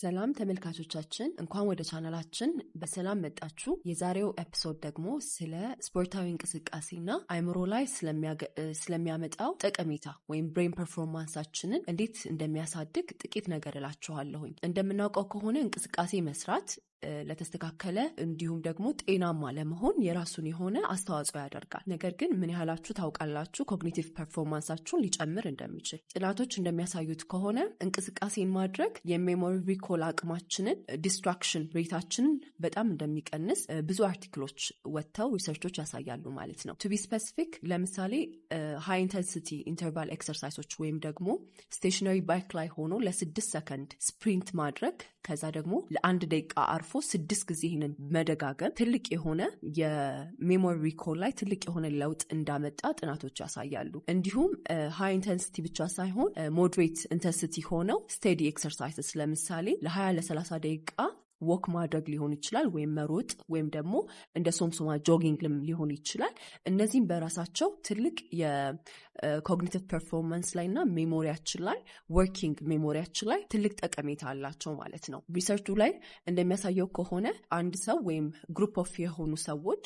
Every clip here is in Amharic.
ሰላም ተመልካቾቻችን፣ እንኳን ወደ ቻናላችን በሰላም መጣችሁ። የዛሬው ኤፒሶድ ደግሞ ስለ ስፖርታዊ እንቅስቃሴና አእምሮ ላይ ስለሚያመጣው ጠቀሜታ ወይም ብሬን ፐርፎርማንሳችንን እንዴት እንደሚያሳድግ ጥቂት ነገር እላችኋለሁኝ። እንደምናውቀው ከሆነ እንቅስቃሴ መስራት ለተስተካከለ እንዲሁም ደግሞ ጤናማ ለመሆን የራሱን የሆነ አስተዋጽኦ ያደርጋል። ነገር ግን ምን ያህላችሁ ታውቃላችሁ ኮግኒቲቭ ፐርፎርማንሳችሁን ሊጨምር እንደሚችል? ጥናቶች እንደሚያሳዩት ከሆነ እንቅስቃሴን ማድረግ የሜሞሪ ሪኮል አቅማችንን፣ ዲስትራክሽን ሬታችንን በጣም እንደሚቀንስ ብዙ አርቲክሎች ወጥተው ሪሰርቾች ያሳያሉ ማለት ነው። ቱቢ ስፐሲፊክ ለምሳሌ ሃይ ኢንተንሲቲ ኢንተርቫል ኤክሰርሳይሶች ወይም ደግሞ ስቴሽነሪ ባይክ ላይ ሆኖ ለስድስት ሰከንድ ስፕሪንት ማድረግ ከዛ ደግሞ ለአንድ ደቂቃ አርፎ አልፎ ስድስት ጊዜ ይህንን መደጋገም ትልቅ የሆነ የሜሞሪ ሪኮል ላይ ትልቅ የሆነ ለውጥ እንዳመጣ ጥናቶች ያሳያሉ። እንዲሁም ሃይ ኢንተንሲቲ ብቻ ሳይሆን ሞድሬት ኢንተንሲቲ ሆነው ስቴዲ ኤክሰርሳይስስ ለምሳሌ ለ20 ደቂቃ ወክ ማድረግ ሊሆን ይችላል፣ ወይም መሮጥ ወይም ደግሞ እንደ ሶምሶማ ጆጊንግ ሊሆን ይችላል። እነዚህም በራሳቸው ትልቅ ኮግኒቲቭ ፐርፎርማንስ ላይ እና ሜሞሪያችን ላይ ወርኪንግ ሜሞሪያችን ላይ ትልቅ ጠቀሜታ አላቸው ማለት ነው። ሪሰርቹ ላይ እንደሚያሳየው ከሆነ አንድ ሰው ወይም ግሩፕ ኦፍ የሆኑ ሰዎች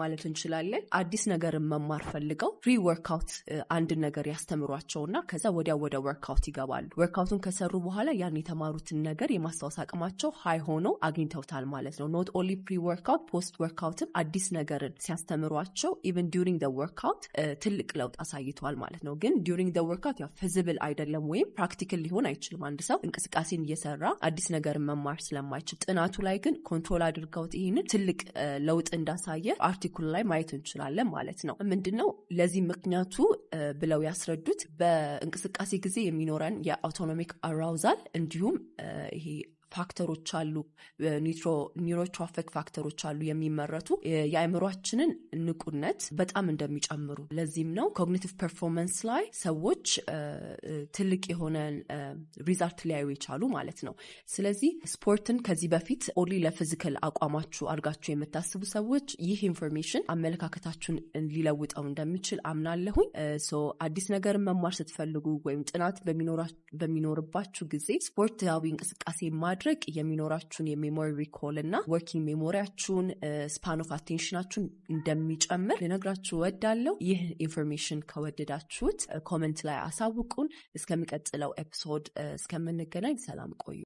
ማለት እንችላለን አዲስ ነገርን መማር ፈልገው ፍሪ ወርክአውት አንድ ነገር ያስተምሯቸውና ከዛ ወዲያ ወደ ወርክአውት ይገባሉ። ወርክአውቱን ከሰሩ በኋላ ያን የተማሩትን ነገር የማስታወስ አቅማቸው ሀይ ሆኖ አግኝተውታል ማለት ነው። ኖት ኦንሊ ፕሪ ወርክአውት ፖስት ወርክአውትም አዲስ ነገርን ሲያስተምሯቸው ኢቨን ዲሪንግ ደ ወርክአውት ትልቅ ለውጥ አሳይ አሳይተዋል ማለት ነው። ግን ዲሪንግ ደ ወርክአውት ያው ፊዚብል አይደለም ወይም ፕራክቲካል ሊሆን አይችልም። አንድ ሰው እንቅስቃሴን እየሰራ አዲስ ነገር መማር ስለማይችል፣ ጥናቱ ላይ ግን ኮንትሮል አድርገውት ይህንን ትልቅ ለውጥ እንዳሳየ አርቲክሉ ላይ ማየት እንችላለን ማለት ነው። ምንድነው ለዚህ ምክንያቱ ብለው ያስረዱት በእንቅስቃሴ ጊዜ የሚኖረን የአውቶኖሚክ አራውዛል እንዲሁም ይሄ ፋክተሮች አሉ፣ ኒውሮትሮፊክ ፋክተሮች አሉ የሚመረቱ የአእምሯችንን ንቁነት በጣም እንደሚጨምሩ። ለዚህም ነው ኮግኒቲቭ ፐርፎርመንስ ላይ ሰዎች ትልቅ የሆነ ሪዛልት ሊያዩ የቻሉ ማለት ነው። ስለዚህ ስፖርትን ከዚህ በፊት ኦንሊ ለፊዚካል አቋማችሁ አድርጋችሁ የምታስቡ ሰዎች ይህ ኢንፎርሜሽን አመለካከታችሁን ሊለውጠው እንደሚችል አምናለሁኝ። አዲስ ነገር መማር ስትፈልጉ ወይም ጥናት በሚኖርባችሁ ጊዜ ስፖርታዊ እንቅስቃሴ ማ በማድረግ የሚኖራችሁን የሜሞሪ ሪኮል እና ወርኪንግ ሜሞሪያችሁን ስፓን ኦፍ አቴንሽናችሁን እንደሚጨምር ልነግራችሁ እወዳለሁ። ይህ ኢንፎርሜሽን ከወደዳችሁት ኮመንት ላይ አሳውቁን። እስከሚቀጥለው ኤፒሶድ እስከምንገናኝ ሰላም ቆዩ።